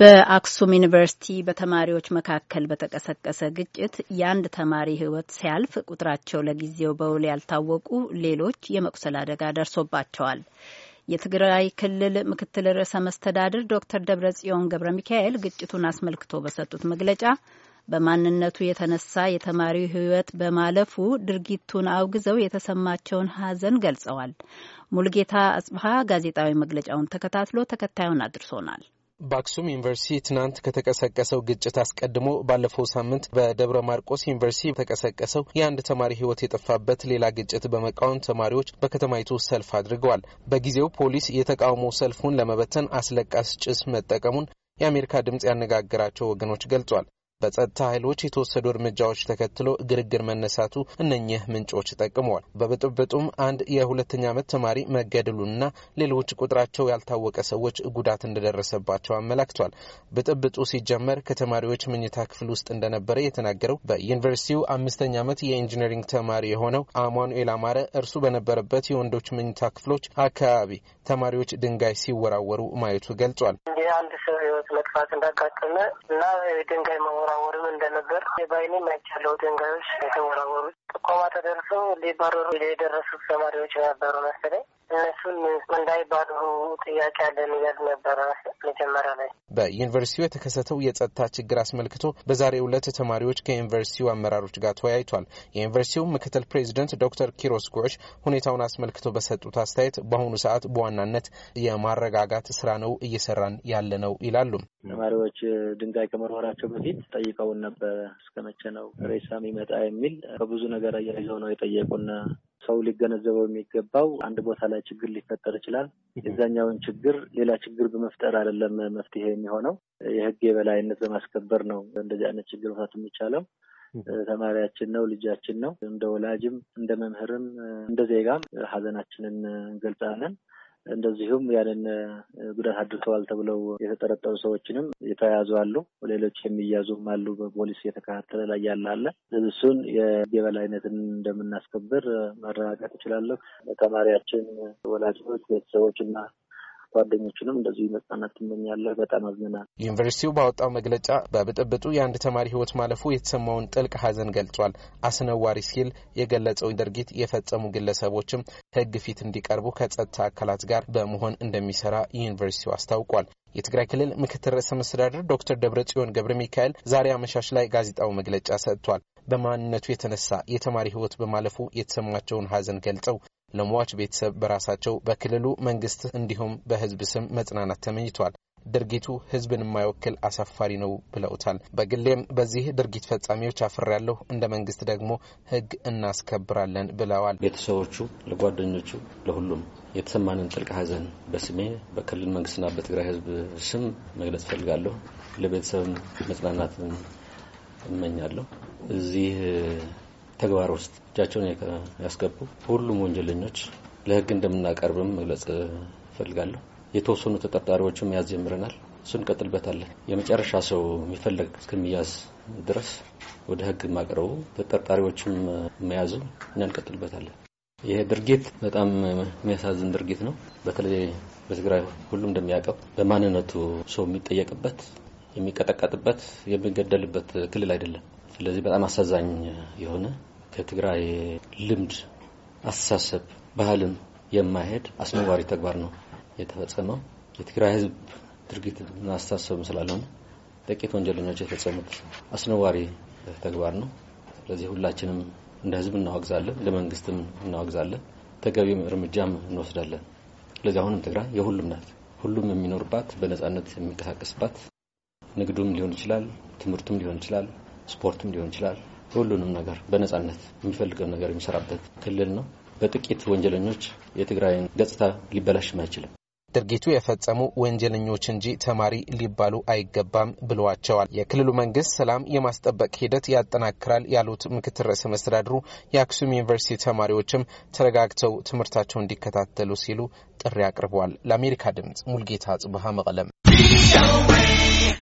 በአክሱም ዩኒቨርሲቲ በተማሪዎች መካከል በተቀሰቀሰ ግጭት የአንድ ተማሪ ሕይወት ሲያልፍ ቁጥራቸው ለጊዜው በውል ያልታወቁ ሌሎች የመቁሰል አደጋ ደርሶባቸዋል። የትግራይ ክልል ምክትል ርዕሰ መስተዳድር ዶክተር ደብረጽዮን ገብረ ሚካኤል ግጭቱን አስመልክቶ በሰጡት መግለጫ በማንነቱ የተነሳ የተማሪው ሕይወት በማለፉ ድርጊቱን አውግዘው የተሰማቸውን ሐዘን ገልጸዋል። ሙልጌታ አጽብሃ ጋዜጣዊ መግለጫውን ተከታትሎ ተከታዩን አድርሶናል። በአክሱም ዩኒቨርሲቲ ትናንት ከተቀሰቀሰው ግጭት አስቀድሞ ባለፈው ሳምንት በደብረ ማርቆስ ዩኒቨርሲቲ በተቀሰቀሰው የአንድ ተማሪ ሕይወት የጠፋበት ሌላ ግጭት በመቃወም ተማሪዎች በከተማይቱ ሰልፍ አድርገዋል። በጊዜው ፖሊስ የተቃውሞ ሰልፉን ለመበተን አስለቃስ ጭስ መጠቀሙን የአሜሪካ ድምጽ ያነጋገራቸው ወገኖች ገልጿል። በጸጥታ ኃይሎች የተወሰዱ እርምጃዎች ተከትሎ ግርግር መነሳቱ እነኚህ ምንጮች ጠቅመዋል። በብጥብጡም አንድ የሁለተኛ ዓመት ተማሪ መገደሉና ሌሎች ቁጥራቸው ያልታወቀ ሰዎች ጉዳት እንደደረሰባቸው አመላክቷል። ብጥብጡ ሲጀመር ከተማሪዎች መኝታ ክፍል ውስጥ እንደነበረ የተናገረው በዩኒቨርሲቲው አምስተኛ ዓመት የኢንጂነሪንግ ተማሪ የሆነው አማኑኤል አማረ እርሱ በነበረበት የወንዶች መኝታ ክፍሎች አካባቢ ተማሪዎች ድንጋይ ሲወራወሩ ማየቱ ገልጿል። አንድ ሰው ህይወት መጥፋት እንዳጋጠመ እና ድንጋይ መወራ ሲወራወርም እንደነበር ባይኔ ማይቻለው ድንጋዮች የተወራወሩት ጥቆማ ተደርሶ ሊባረሩ የደረሱ ተማሪዎች ነበሩ መሰለኝ። እነሱን እንዳይባረሩ ጥያቄ አለን እያሉ ነበረ መጀመሪያ ላይ። በዩኒቨርሲቲው የተከሰተው የጸጥታ ችግር አስመልክቶ በዛሬው ዕለት ተማሪዎች ከዩኒቨርሲቲው አመራሮች ጋር ተወያይቷል። የዩኒቨርሲቲው ምክትል ፕሬዚደንት ዶክተር ኪሮስ ጉዕሽ ሁኔታውን አስመልክቶ በሰጡት አስተያየት በአሁኑ ሰዓት በዋናነት የማረጋጋት ስራ ነው እየሰራን ያለ ነው ይላሉ። ተማሪዎች ድንጋይ ከመወርወራቸው በፊት ጠይቀውን ነበረ። እስከመቼ ነው ሬሳ የሚመጣ የሚል ከብዙ ነገር ነገር እያይዘው ነው የጠየቁን። ሰው ሊገነዘበው የሚገባው አንድ ቦታ ላይ ችግር ሊፈጠር ይችላል። የዛኛውን ችግር ሌላ ችግር በመፍጠር አይደለም መፍትሄ የሚሆነው። የህግ የበላይነት በማስከበር ነው እንደዚህ አይነት ችግር መፍታት የሚቻለው። ተማሪያችን ነው፣ ልጃችን ነው። እንደ ወላጅም እንደ መምህርም እንደ ዜጋም ሀዘናችንን እንገልጻለን። እንደዚሁም ያንን ጉዳት አድርሰዋል ተብለው የተጠረጠሩ ሰዎችንም የተያያዙ አሉ። ሌሎች የሚያዙም አሉ። በፖሊስ የተከታተለ ላይ ያለ አለ። እሱን የህግ የበላይነትን እንደምናስከብር ማረጋገጥ እችላለሁ። ተማሪያችን ወላጆች፣ ቤተሰቦች እና ጓደኞችንም እንደዚሁ መጽናናት ትመኛለህ። በጣም አዝነናል። ዩኒቨርሲቲው ባወጣው መግለጫ በብጥብጡ የአንድ ተማሪ ህይወት ማለፉ የተሰማውን ጥልቅ ሀዘን ገልጿል። አስነዋሪ ሲል የገለጸው ድርጊት የፈጸሙ ግለሰቦችም ህግ ፊት እንዲቀርቡ ከጸጥታ አካላት ጋር በመሆን እንደሚሰራ ዩኒቨርሲቲው አስታውቋል። የትግራይ ክልል ምክትል ርዕሰ መስተዳድር ዶክተር ደብረ ጽዮን ገብረ ሚካኤል ዛሬ አመሻሽ ላይ ጋዜጣዊ መግለጫ ሰጥቷል። በማንነቱ የተነሳ የተማሪ ህይወት በማለፉ የተሰማቸውን ሀዘን ገልጸው ለሟች ቤተሰብ በራሳቸው በክልሉ መንግስት እንዲሁም በህዝብ ስም መጽናናት ተመኝቷል። ድርጊቱ ህዝብን የማይወክል አሳፋሪ ነው ብለውታል። በግሌም በዚህ ድርጊት ፈጻሚዎች አፍሬያለሁ፣ እንደ መንግስት ደግሞ ህግ እናስከብራለን ብለዋል። ቤተሰቦቹ፣ ለጓደኞቹ፣ ለሁሉም የተሰማንን ጥልቅ ሀዘን በስሜ በክልል መንግስትና በትግራይ ህዝብ ስም መግለጽ ፈልጋለሁ ለቤተሰብ መጽናናትን እመኛለሁ። እዚህ ተግባር ውስጥ እጃቸውን ያስገቡ ሁሉም ወንጀለኞች ለህግ እንደምናቀርብም መግለጽ እፈልጋለሁ። የተወሰኑ ተጠርጣሪዎችም መያዝ ጀምረናል። እሱ እንቀጥልበታለን። የመጨረሻ ሰው የሚፈለግ እስከሚያዝ ድረስ ወደ ህግ ማቅረቡ ተጠርጣሪዎችም መያዙ እኛ እንቀጥልበታለን። ይህ ድርጊት በጣም የሚያሳዝን ድርጊት ነው። በተለይ በትግራይ ሁሉም እንደሚያውቀው በማንነቱ ሰው የሚጠየቅበት፣ የሚቀጠቀጥበት፣ የሚገደልበት ክልል አይደለም። ስለዚህ በጣም አሳዛኝ የሆነ ከትግራይ ልምድ፣ አስተሳሰብ፣ ባህልም የማይሄድ አስነዋሪ ተግባር ነው የተፈጸመው። የትግራይ ህዝብ ድርጊት አስተሳሰብም ስላልሆነ ጥቂት ወንጀለኞች የፈጸሙት አስነዋሪ ተግባር ነው። ስለዚህ ሁላችንም እንደ ህዝብ እናወግዛለን፣ እንደ መንግስትም እናወግዛለን፣ ተገቢም እርምጃም እንወስዳለን። ስለዚህ አሁንም ትግራይ የሁሉም ናት። ሁሉም የሚኖርባት በነፃነት የሚንቀሳቀስባት ንግዱም ሊሆን ይችላል፣ ትምህርቱም ሊሆን ይችላል፣ ስፖርቱም ሊሆን ይችላል ሁሉንም ነገር በነጻነት የሚፈልገው ነገር የሚሰራበት ክልል ነው። በጥቂት ወንጀለኞች የትግራይን ገጽታ ሊበላሽም አይችልም። ድርጊቱ የፈጸሙ ወንጀለኞች እንጂ ተማሪ ሊባሉ አይገባም ብለዋቸዋል። የክልሉ መንግስት ሰላም የማስጠበቅ ሂደት ያጠናክራል ያሉት ምክትል ርዕሰ መስተዳድሩ የአክሱም ዩኒቨርሲቲ ተማሪዎችም ተረጋግተው ትምህርታቸውን እንዲከታተሉ ሲሉ ጥሪ አቅርበዋል። ለአሜሪካ ድምጽ ሙልጌታ ጽቡሃ መቀለም